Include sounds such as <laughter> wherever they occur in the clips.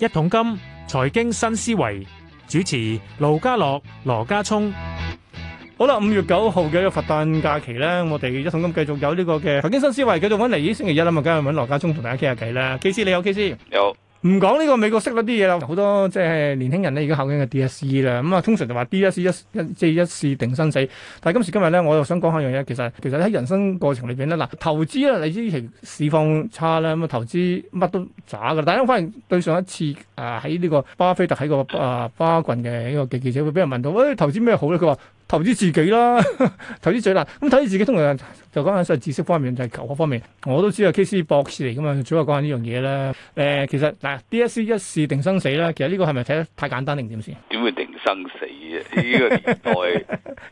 一桶金財經新思維，主持盧家樂羅家聰。好啦，五月九號嘅一個佛誕假期咧，我哋一桶金繼續有呢個嘅財經新思維，繼續搵嚟。星期一啦，梗係搵羅家聰同大家傾下偈啦。KC 你好？KC 你好。唔講呢個美國識嗰啲嘢啦，好多即係年輕人咧，而家考緊嘅 DSE 啦，咁啊通常就話 DSE 一一即係一試定生死。但係今時今日咧，我又想講下樣嘢，其實其實喺人生過程裏邊咧，嗱投資啦，你知其市況差啦，咁啊投資乜都渣㗎。但係我發現對上一次啊喺呢個巴菲特喺、個啊巴郡嘅一個記者會，俾人問到，喂、哎、投資咩好咧？佢話，投資自己啦，投資最大咁睇自己。通常就講緊曬知識方面，就係、是、求學方面。我都知啊，K C 博士嚟噶嘛，主要講緊呢樣嘢啦。誒、呃，其實嗱、啊、DSE 一試定生死咧，其實呢個係咪睇得太簡單定點先？點會定生死啊？呢、這個年代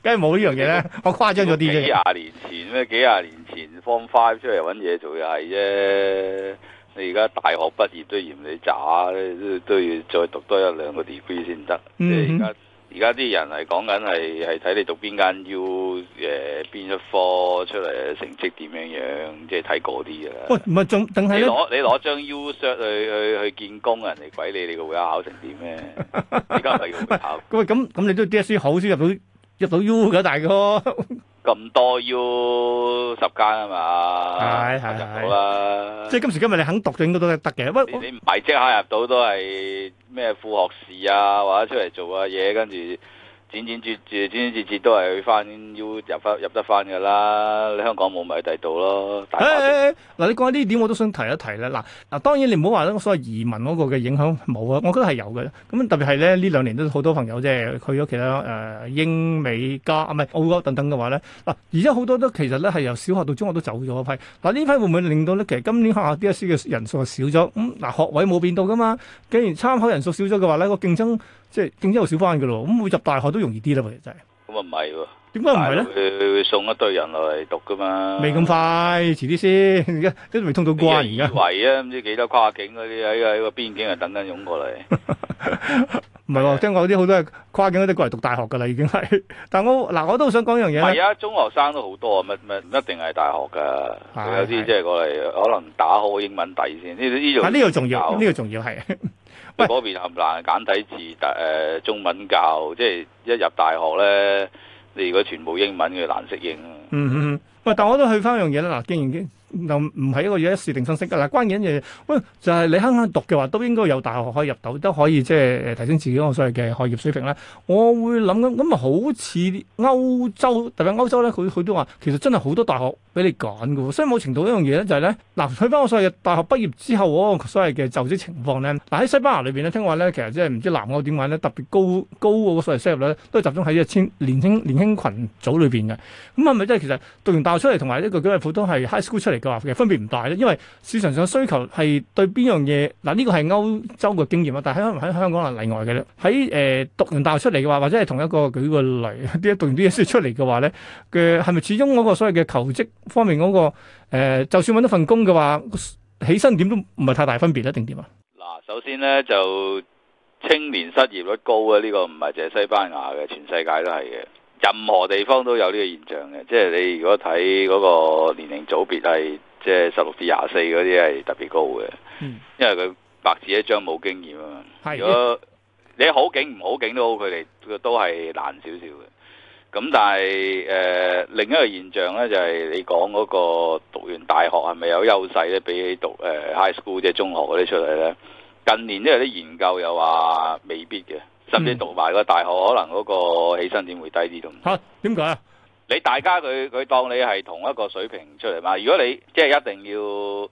梗係冇呢樣嘢啦， <laughs> 我誇張咗啲啫。幾廿年前咩？幾廿年前 form five 出嚟揾嘢做又係啫。你而家大學畢業都嫌你渣都都要再讀多一兩個 degree 先得。嗯。而家啲人係講緊係係睇你讀邊間 U 誒、呃、邊一科出嚟成績點樣樣，即係睇嗰啲嘅。喂，唔係仲等下你攞你攞張 U cert 去去去見工人嚟鬼你你個會考成點咩？而家唔係要考。喂，咁咁你都 DSE 好先入到入到 U 噶，大哥。 <laughs> 咁多要十間啊嘛，係係就好啦。即係今時今日你肯讀就應該都得得嘅，喂，不過你唔係即刻入到都係咩副學士啊，或者出嚟做下嘢跟住。剪剪接接剪剪接接都係去翻，要入翻入得翻噶啦！你香港冇咪喺第度咯？嗱、hey, hey , hey,，你講下呢點我都想提一提咧。嗱嗱，當然你唔好話咧，所謂移民嗰個嘅影響冇啊，我覺得係有嘅。咁特別係咧呢兩年都好多朋友即係去咗其他誒、呃、英美加唔係、啊、澳洲等等嘅話咧。嗱，而家好多都其實咧係由小學到中學都走咗一批。嗱呢批會唔會令到咧？其實今年學校 DSE 嘅人數少咗。咁、嗯、嗱，學位冇變到噶嘛？既然參考人數少咗嘅話咧，個競爭。即係競爭又少翻噶咯，咁入大學都容易啲啦，其實真係。咁啊唔係喎，點解唔係咧？佢會送一堆人落嚟讀噶嘛？未咁快，遲啲先。而家都未通到關而家。圍啊，唔知幾多跨境嗰啲喺喺個邊境啊等緊湧過嚟。唔係喎，聽講啲好多係跨境嗰啲過嚟讀大學噶啦，已經係。但係我嗱，我都想講一樣嘢。唔係啊，中學生都好多，乜乜唔一定係大學噶。有啲即係過嚟，可能打好英文底先。呢呢樣啊呢個重要，呢個重要係。嗰喂邊又難簡體字，誒、呃、中文教，即係一入大學咧，你如果全部英文佢難適應、嗯。嗯哼，喂，但我都去翻一樣嘢咧。嗱，既然經又唔係一個一時定生息嘅，嗱，關鍵嘢、就是，喂，就係、是、你肯肯讀嘅話，都應該有大學可以入到，都可以即係提升自己我所謂嘅學業水平咧。我會諗咁咁啊，好似歐洲特別歐洲咧，佢佢都話其實真係好多大學。俾你講嘅，所以冇程度一樣嘢咧就係咧，嗱、啊，睇翻我所謂嘅大學畢業之後嗰、哦、個所謂嘅就職情況咧，嗱、啊、喺西班牙裏邊咧，聽話咧其實即係唔知南歐點解咧特別高高嗰個所謂收入咧，都係集中喺一千年輕年輕羣組裏邊嘅。咁係咪即係其實讀完大學出嚟同埋呢個叫做普通係 high school 出嚟嘅話，其實分別唔大咧，因為市場上嘅需求係對邊樣嘢嗱呢個係歐洲嘅經驗啊，但係喺香港係例外嘅咧。喺誒、呃、讀完大學出嚟嘅話，或者係同一個舉個例，啲 <laughs> 讀完啲嘢書出嚟嘅話咧嘅係咪始終嗰個所謂嘅求職？方面嗰、那個、呃、就算揾到份工嘅話，起薪點都唔係太大分別一定點啊？嗱，首先咧就青年失業率高啊，呢、這個唔係淨係西班牙嘅，全世界都係嘅，任何地方都有呢個現象嘅。即係你如果睇嗰個年齡組別係即係十六至廿四嗰啲係特別高嘅，嗯、因為佢白紙一張冇經驗啊嘛。是的 如果是的 你好景唔好景都好，佢哋都係難少少嘅。咁但係誒、呃、另一個現象咧，就係、是、你講嗰個讀完大學係咪有優勢咧，比起讀誒、呃、high school 即係中學嗰啲出嚟咧？近年都有啲研究又話未必嘅，甚至讀埋個大學，嗯、可能嗰個起薪點會低啲咁。嚇點解啊？你大家佢佢當你係同一個水平出嚟嘛？如果你即係、就是、一定要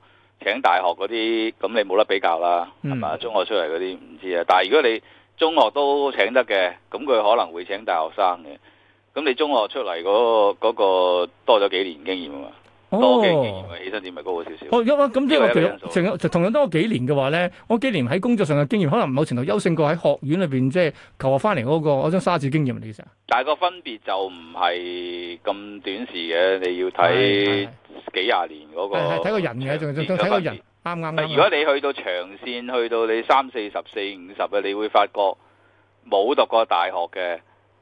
請大學嗰啲，咁你冇得比較啦，係嘛、嗯？中學出嚟嗰啲唔知啊。但係如果你中學都請得嘅，咁佢可能會請大學生嘅。咁你中學出嚟嗰個多咗幾年經驗啊嘛，哦、多幾年經驗啊，起薪點咪高少少。咁即係個同樣多咗幾年嘅話咧，我幾年喺工作上嘅經驗，可能某程度優勝過喺學院裏邊即係求學翻嚟嗰個嗰張沙紙經驗啊，其實。但係個分別就唔係咁短時嘅，你要睇幾廿年嗰個。睇個人嘅，仲仲睇個人啱唔啱。如果你去到長線，去到你三四十四五十嘅，你會發覺冇讀過大學嘅。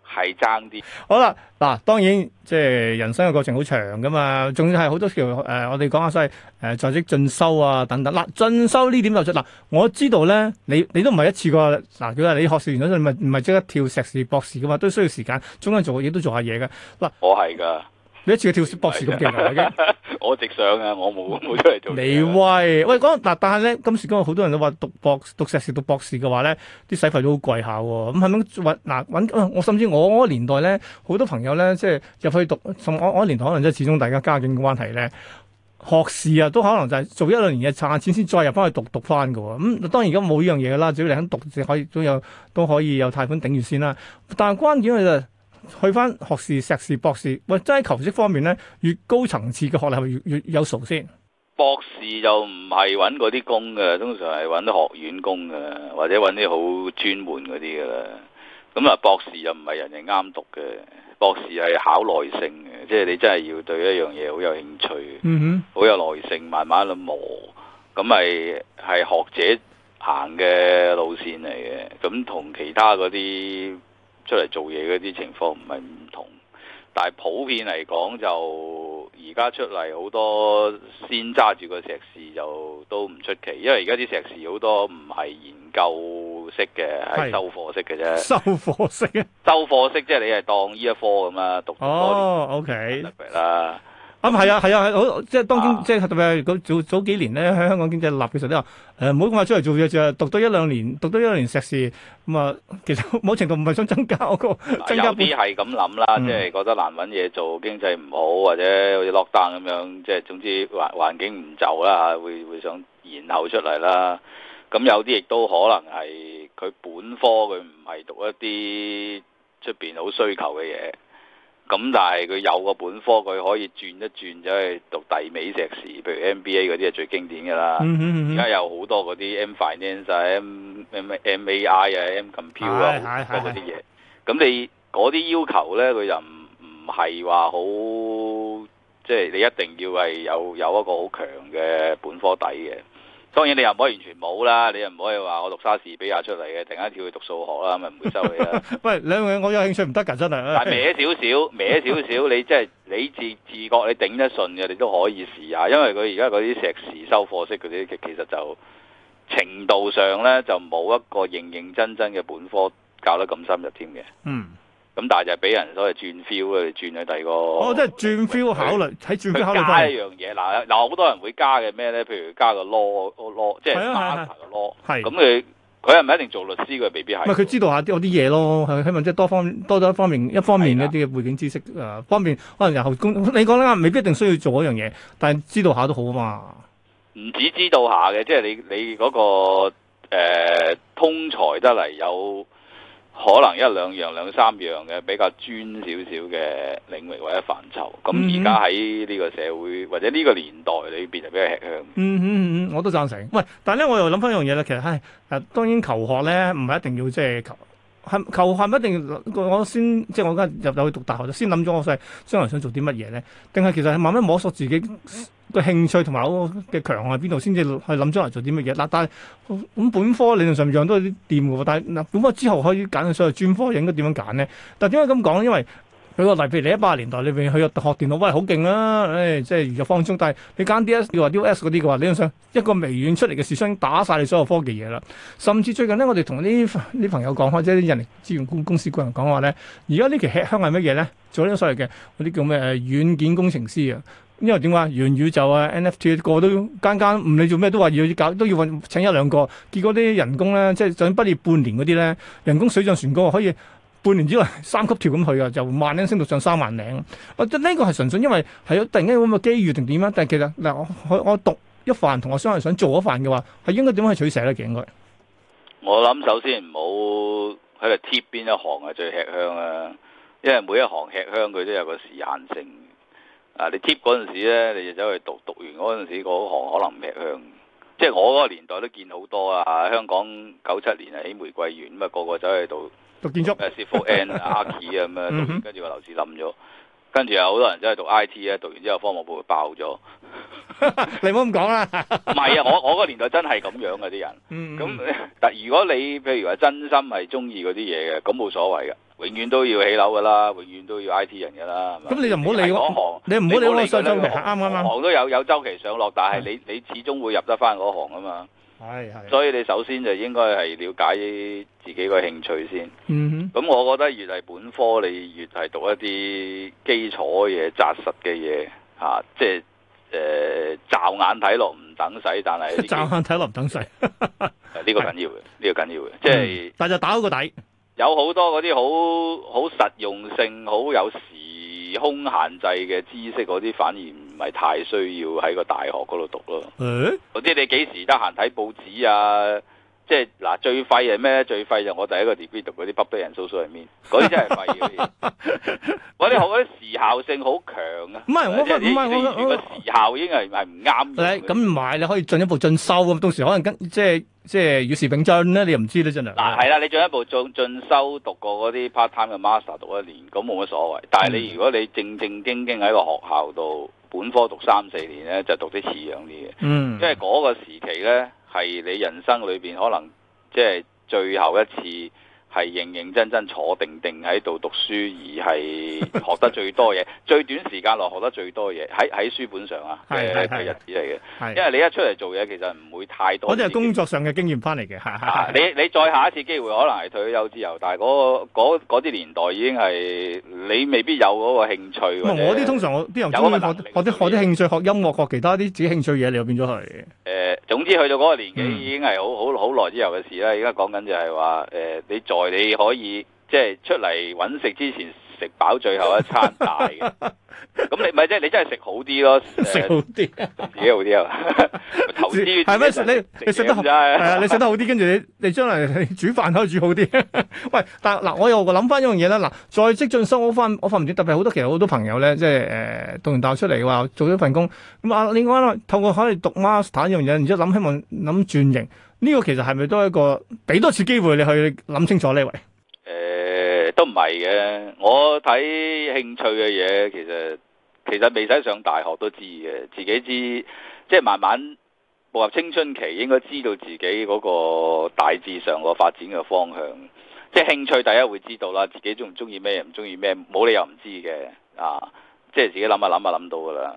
係爭啲，好啦，嗱，當然即係人生嘅過程好長噶嘛，仲要係好多條誒、呃，我哋講下所謂，誒在職進修啊等等，嗱，進修呢點就出、是，嗱，我知道咧，你你都唔係一次過，嗱，佢話你學士完咗你後唔係即刻跳碩士博士噶嘛，都需要時間，中間做嘢都做下嘢嘅，嗱，我係噶。你一次去跳鼠博士咁勁， <laughs> 我直想啊！我冇冇出嚟做。你威 <laughs> 喂嗱，但係咧今時今日好多人都話讀博士、讀碩士、讀博士嘅話咧，啲使費都好貴下。咁係咪？嗱，揾，我、啊啊、甚至我嗰年代咧，好多朋友咧即係入去讀。我我嗰年代可能即係始終大家家境嘅關係咧，學士啊都可能就係做一兩年嘅賺錢，先再入翻去讀讀翻嘅、啊。咁、嗯、當然而家冇呢樣嘢啦，只要你肯讀就可以都有都可以有貸款頂住先啦。但係關鍵係就。去翻學士、碩士、博士，喂，真係求職方面咧，越高層次嘅學歷越越有熟先。博士就唔係搵嗰啲工嘅，通常係搵啲學院工嘅，或者搵啲好專門嗰啲嘅啦。咁啊，博士又唔係人人啱讀嘅，博士係考耐性嘅，即係你真係要對一樣嘢好有興趣，嗯、哼，好有耐性，慢慢咁磨，咁咪係學者行嘅路綫嚟嘅，咁同其他嗰啲。出嚟做嘢嗰啲情況唔係唔同，但係普遍嚟講就而家出嚟好多先揸住個碩士就都唔出奇，因為而家啲碩士好多唔係研究式嘅，係是收貨式嘅啫。收貨式啊？ <laughs> 收貨式即係你係當呢一科咁樣，讀哦、oh,，OK 啦。嗯、那啊，係那啊，係啊，係好，即係當今即係特別早早幾年咧，喺香港經濟立，嘅時候。誒，唔好咁話出嚟做嘢，就讀多一兩年，讀多一兩年碩士，咁啊，其實某程度唔係想增加個，增加有。有啲係咁諗啦，即係覺得難搵嘢做，經濟唔好或者好似落單咁樣，即係總之環環境唔就啦，會會想延後出嚟啦。咁有啲亦都可能係佢本科佢唔係讀一啲出邊好需求嘅嘢。咁但係佢有個本科，佢可以轉一轉走去讀大美碩士，譬如 MBA 嗰啲係最經典嘅啦。而家、嗯嗯、有好多嗰啲 M finance、M M M A I 啊、M Computer 啊嗰啲嘢。咁你嗰啲要求咧，佢就唔唔係話好，即係你一定要係有有一個好強嘅本科底嘅。當然你又唔可以完全冇啦，你又唔可以話我讀沙士比亞出嚟嘅，突然間跳去讀數學啦，咪唔會收你啦 <laughs> 喂，兩位我有興趣唔得噶，真係，但係歪少少，歪少少、 <laughs> 就是，你即係你自自覺你頂得順嘅，你都可以試下，因為佢而家嗰啲碩士收課式嗰啲，其其實就程度上咧就冇一個認認真真嘅本科教得咁深入添嘅。嗯。咁但係就俾人所謂轉 feel 嘅，轉去第二個。哦，即係轉 feel 考慮，喺轉 feel 加一樣嘢。嗱嗱，好多人會加嘅咩咧？譬如加個 law 即係、er、law，係咁佢佢係咪一定做律師嘅？未必係。佢知道下啲我啲嘢咯？係希望即係多方多咗一方面一方面嘅啲背景知識的啊，方便可能日後工你講啦，未必一定需要做一樣嘢，但係知道下都好啊嘛。唔止知道下嘅，即係你你嗰、嗰個誒、嗯、通才得嚟有。可能一兩樣、兩三樣嘅比較專少少嘅領域或者範疇，咁而家喺呢個社會或者呢個年代裏邊就比較吃香。嗯。嗯嗯嗯，我都贊成。喂，但係咧我又諗翻一樣嘢啦，其實唉，誒當然求學咧唔係一定要即係求。係求，係咪一定要。我先即係我而家入到去讀大學，就先諗咗我係將來想做啲乜嘢咧。定係其實係慢慢摸索自己嘅興趣同埋我嘅強項喺邊度，先至去諗將來做啲乜嘢。嗱、啊，但係咁本科理論上樣都係啲掂嘅喎。但係嗱，本科之後可以揀嘅，所以轉科應該點樣揀呢？但係點解咁講？因為佢話，例如你一八年代裏邊去學電腦，喂，好勁啦！誒，即係娛樂放鬆。但係你揀 DS，你話 DOS 嗰啲嘅話，你想想一個微軟出嚟嘅事，生打晒你所有科技嘢啦。甚至最近咧，我哋同啲啲朋友講開，即係啲人力資源公司公司嗰人講話咧，而家呢期吃香係乜嘢咧？做咗所謂嘅嗰啲叫咩誒、啊、軟件工程師啊？因為點啊，元宇宙啊、NFT 個個都間間唔理做咩都話要搞，都要請一兩個。結果啲人工咧，即係就算畢業半年嗰啲咧，人工水漲船高，可以。半年之內三級跳咁去啊，就萬零升到上三萬零。啊，即呢個係純粹因為係啊，突然間咁嘅機遇定點啊？但係其實嗱，我我讀一番，同我想係想做一番嘅話，係應該點樣去取捨咧？應該我諗，首先唔好喺度貼邊一行係最吃香啊，因為每一行吃香佢都有個時限性。啊，你貼嗰陣時咧，你就走去讀，讀完嗰陣時嗰行可能唔吃香。即係我嗰個年代都見好多啊，香港九七年係喺玫瑰園，咁啊個個走去讀。讀建築，誒 Civil and Aki 咁樣，跟住個樓市冧咗，跟住有好多人真係讀 I T 啊，讀完之後科網股爆咗， <laughs> <laughs> 你唔好咁講啦，唔係啊，我我嗰年代真係咁樣啊啲人，咁、嗯嗯、但如果你譬如話真心係中意嗰啲嘢嘅，咁冇所謂噶，永遠都要起樓噶啦，永遠都要 I T 人噶啦，咁你就唔好理嗰行，你唔好理嗰個上升，啱啱啱，行都有有周期上落，但係你、嗯、你始終會入得翻嗰行啊嘛。係，所以你首先就應該係了解自己個興趣先。咁、嗯、哼我覺得越係本科，你越係讀一啲基礎嘅嘢、紮實嘅嘢，吓、啊，即係誒，驟、呃、眼睇落唔等使，但係驟眼睇落唔等使，呢 <laughs> 個緊要嘅，呢 <laughs> 個緊要嘅，即係是。但係就打好個底，有好多嗰啲好好實用性、好有時空限制嘅知識，嗰啲反而唔唔係太需要喺個大學嗰度讀咯，唔知你幾時得閒睇報紙啊？即係嗱，最廢係咩？最廢就我第一個 degree 讀嗰啲北低人蘇蘇入面，嗰啲真係廢嗰啲。嗰啲好，時效性好強啊！唔係，我覺得，唔係我覺得，如果時效已經係係唔啱，咁唔係你可以進一步進修咁，到時可能跟即係即係與時並進咧，你又唔知咧，真係嗱係啦，你進一步進進修讀過嗰啲 part time 嘅 master 讀一年，咁冇乜所謂。但係你如果你正正經經喺個學校度。本科讀三四年咧，就是、讀啲似樣啲嘅，嗯，即係嗰個時期咧，係你人生裏邊可能即係、就是、最後一次。係認認真真坐定定喺度讀書，而係學得最多嘢，最短時間內學得最多嘢，喺喺書本上啊嘅日子嚟嘅。因為你一出嚟做嘢，其實唔會太多。我啲係工作上嘅經驗翻嚟嘅，你你再下一次機會，可能係退休之後，但係嗰啲年代已經係你未必有嗰個興趣。我啲通常我邊有人中意學學啲興趣，學音樂，學其他啲自己興趣嘢，你又變咗去。誒，總之去到嗰個年紀已經係好好好耐之後嘅事啦。而家講緊就係話誒，你你可以即係出嚟揾食之前食飽最後一餐大咁，你咪即係你真係食好啲一咯，食好 <laughs> 啲自己好啲啊？ <laughs> 投資係咩？你你食得好，係啊，你食得好啲，跟住你你將來煮飯可以煮好啲。 <laughs> 喂，但嗱我又諗翻一樣嘢啦，嗱再積進修翻，我發唔知，知特別好多其實好多朋友咧，即係誒讀完大學出嚟話做咗份工，咁啊你講啦，透過可以讀 master 呢樣嘢，然之後諗希望諗轉型。呢個其實係咪都係一個俾多次機會你去諗清楚呢位？誒、呃，都唔係嘅。我睇興趣嘅嘢，其實其實未使上大學都知嘅，自己知即係慢慢步入青春期，應該知道自己嗰個大致上個發展嘅方向。即係興趣，大家會知道啦。自己中唔中意咩，唔中意咩，冇理由唔知嘅啊！即係自己諗下諗下諗到噶啦。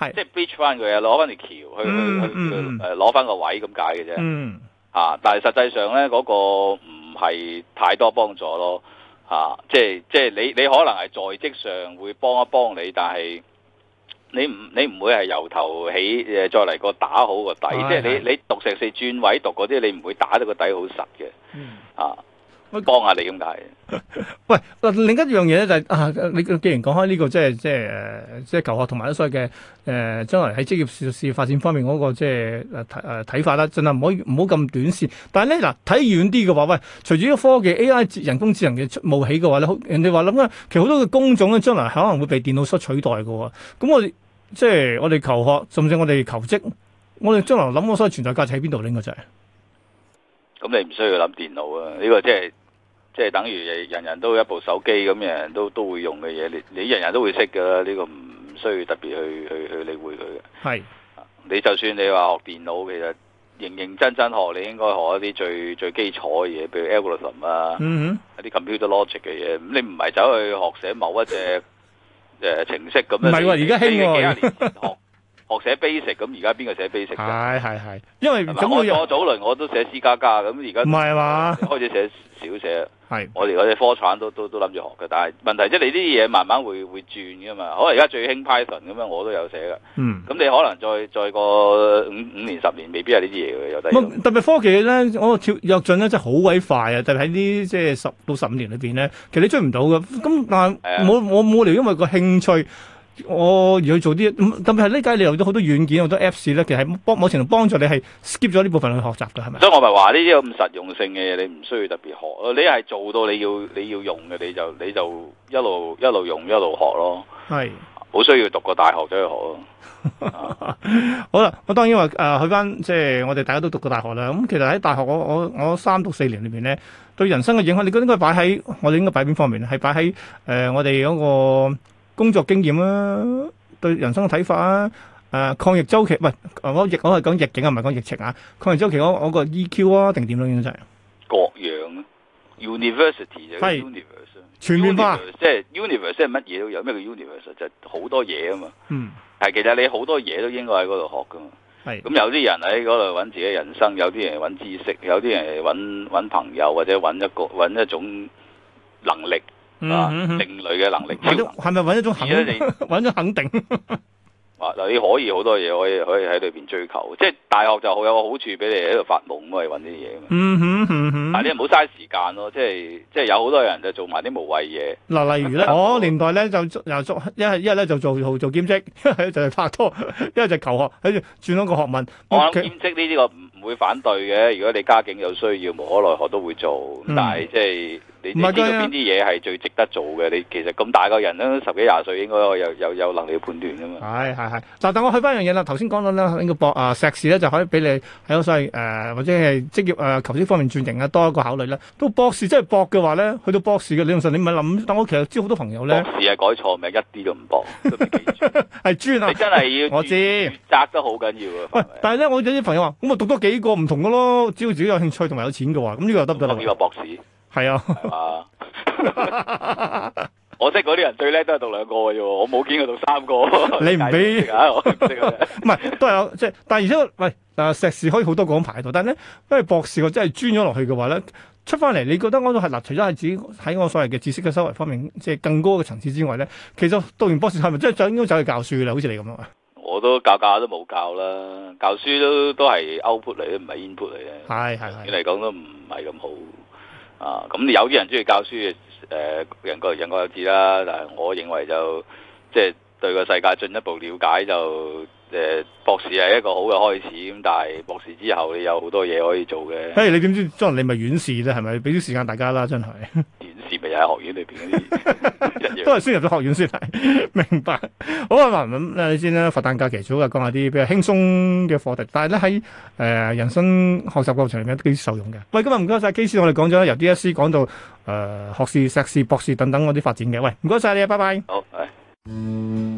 是即係 bridge 翻佢，攞翻條橋去、嗯嗯、去去誒，攞翻個位咁解嘅啫。吓、嗯啊，但係實際上咧，嗰、那個唔係太多幫助咯。吓、啊，即係即係你你可能係在職上會幫一幫你，但係你唔你唔會係由頭起誒，再嚟個打好個底。啊嗯、即係你你讀碩士轉位讀嗰啲，你唔會打到個底好實嘅。嗯，啊。啊唔好講下你咁解。喂，另另一樣嘢咧就係啊，你既然講開呢個即係、呃、即係即係求學同埋咧，所謂嘅誒將來喺職業事業發展方面嗰個即係誒誒睇法啦，盡量唔可以唔好咁短線。但係咧嗱，睇遠啲嘅話，喂，隨住啲科技 AI、人工智能嘅冒起嘅話咧，人哋話諗咧，其實好多嘅工種咧將來可能會被電腦所取代嘅。咁我哋即係我哋求學，甚至我哋求職，我哋將來諗所謂嘅存在價值喺邊度咧？應該就係咁，你唔需要諗電腦啊。呢個即係。即係等於人人都一部手機咁，人人都都會用嘅嘢，你你人人都會識㗎啦，呢、這個唔需要特別去去去理會佢嘅。係是，你就算你話學電腦，其實認認真真學，你應該學一啲最最基礎嘅嘢，譬如 algorithm、um, 啊、嗯哼，一啲 computer logic 嘅嘢。咁你唔係走去學寫某一隻誒、 <laughs> 呃、程式咁樣。唔係喎，而家興喎。 <laughs> 學寫 basic 咁，而家邊個寫 basic？係係係，因為我我早輪我都寫 C 加加咁，而家唔係嘛？開始寫少寫啦。係我哋嗰啲科產都都都諗住學嘅，但係問題即係你啲嘢慢慢會會轉㗎嘛。可能而家最興 Python 咁樣，我都有寫㗎。嗯，咁你可能再再過五五年十年，未必係呢啲嘢又得。特別科技咧，我跳躍進咧真係好鬼快啊！特別喺呢即係十到十五年裏邊咧，其實你追唔到嘅。咁但係我我冇理由因為個興趣。我而去做啲，特別係呢家你用咗好多軟件，好多 Apps 咧，其實係幫某程度幫助你係 skip 咗呢部分去學習嘅，係咪？所以，我咪話呢啲咁實用性嘅嘢，你唔需要特別學。你係做到你要你要用嘅，你就你就一路一路用一路學咯。係，冇需要讀過大學再去學。 <laughs> <laughs> 好啦，我當然話誒，去返即係我哋大家都讀過大學啦。咁其實喺大學，我我三到四年裏邊咧，對人生嘅影響，你應該擺喺我哋應該擺邊方面咧？係擺喺誒我哋嗰、嗰個。工作經驗啦、啊，對人生嘅睇法啊，誒、呃、抗疫週期，唔係我逆，我係講逆境啊，唔係講疫情啊。抗疫週期，我我個 EQ 啊，定點樣，應該係各樣。University 就係 universe，是 universe 全面化。即係 universe 係乜嘢都有？咩叫 universe？就係好多嘢啊嘛。嗯。係其實你好多嘢都應該喺嗰度學㗎嘛。係是。咁有啲人喺嗰度揾自己人生，有啲人揾知識，有啲人揾揾朋友或者揾一個揾一種能力。啊！另類嘅能力，超能力，係咪揾一種肯定？揾咗肯定。啊！你可以好多嘢可以可以喺裏邊追求，即係大學就好有個好處俾你喺度發夢，咁可以揾啲嘢。嗯、哼哼但係你唔好嘥時間咯，即係即係有好多人就做埋啲無謂嘢。嗱，例如咧，我年代咧就又做一係一咧就做做兼職，就係拍拖， <laughs> 一就求學，好似轉咗個學問。我諗兼職呢啲個唔會反對嘅，如果你家境有需要，無可奈何都會做，但係即係。唔係邊啲嘢係最值得做嘅？你其實咁大個人啦，十幾廿歲應該又又有，有能力判斷噶嘛。係係係。嗱，但我去翻樣嘢啦。頭先講到咧，呢個博啊，碩士咧就可以俾你喺嗰個所謂誒或者係職業誒、啊、求職方面轉型啊，多一個考慮啦。到博士真係博嘅話咧，去到博士嘅理論上，你唔係諗。但我其實知好多朋友咧，博士係改錯名，一啲都唔博，係專啊， <laughs> 你真係要 <laughs> 我知道，窄得好緊要啊。但係咧，我有啲朋友話，咁啊，讀多幾個唔同嘅咯，只要自己有興趣同埋有錢嘅話，咁呢個又得唔得？要讀博士。係啊，我識嗰啲人最叻都係讀兩個嘅啫，我冇見佢讀三個。 <laughs> 你唔俾唔係，都有即係，但係而且喂，誒、啊、碩士可以好多講排喺度，但係咧因為博士我真係專咗落去嘅話咧，出翻嚟你覺得我都係嗱？除咗係自己喺我所謂嘅知識嘅修為方面，即、就、係、是、更高嘅層次之外咧，其實讀完博士係咪真係就應該走去教書啦？好似你咁樣啊？我都教教都冇教啦，教書都是是是是都係 output 嚟，唔係 input 嚟嘅。係係，原嚟講都唔係咁好。啊，咁、嗯、有啲人中意教書，誒、呃、人各人各有志啦。但係我認為就即係、就是、對個世界進一步了解，就誒、呃、博士係一個好嘅開始。咁但係博士之後，你有好多嘢可以做嘅。嘿、hey，你是是點知？張，你咪院士啦，係咪？俾啲時間大家啦，真係。 <laughs> <laughs> 學院裏邊啲，都係先入咗學院先。明白 <laughs> 好，好啊，咁你先啦。佛誕假期最好講下啲比較輕鬆嘅課題，但係咧喺誒人生學習過程入邊都幾受用嘅。喂，今日唔該晒，KC，我哋講咗由 DSE 講到誒、呃、學士、碩士、博士等等嗰啲發展嘅。喂，唔該晒你，拜拜。好，係。